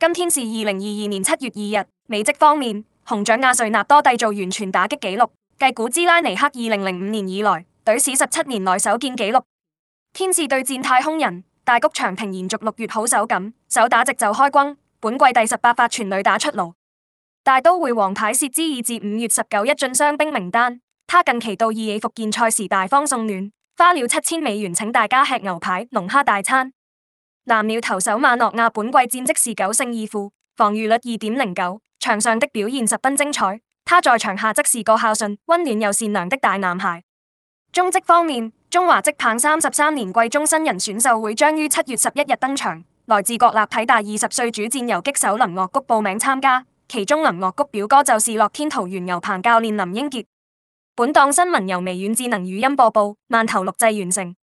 今天是二零二二年七月二日。美職方面，紅雀亞瑞納多締造完全打擊紀錄，繼古茲拉尼克二零零五年以來，隊史十七年來首見紀錄。天使對戰太空人，大谷翔平延續六月好手感，首打直就開轟，本季第十八發全壘打出爐。大都會王牌薛澤自五月十九日進傷兵名單，他近期到二野復健賽時大方送暖，花了七千美元請大家吃牛排龍蝦大餐。藍鳥投手馬諾亞本季戰績是九勝二負，防禦率二點零九，場上的表現十分精彩。他在場下則是個孝順、溫暖又善良的大男孩。中職方面，中華職棒三十三年季中新人選秀會將於七月十一日登場，來自國立體大二十歲主戰游擊手林樂谷報名參加，其中林樂谷表哥就是樂天桃猿牛棚教練林英傑。本檔新聞由微軟智能語音播報，慢投錄製完成。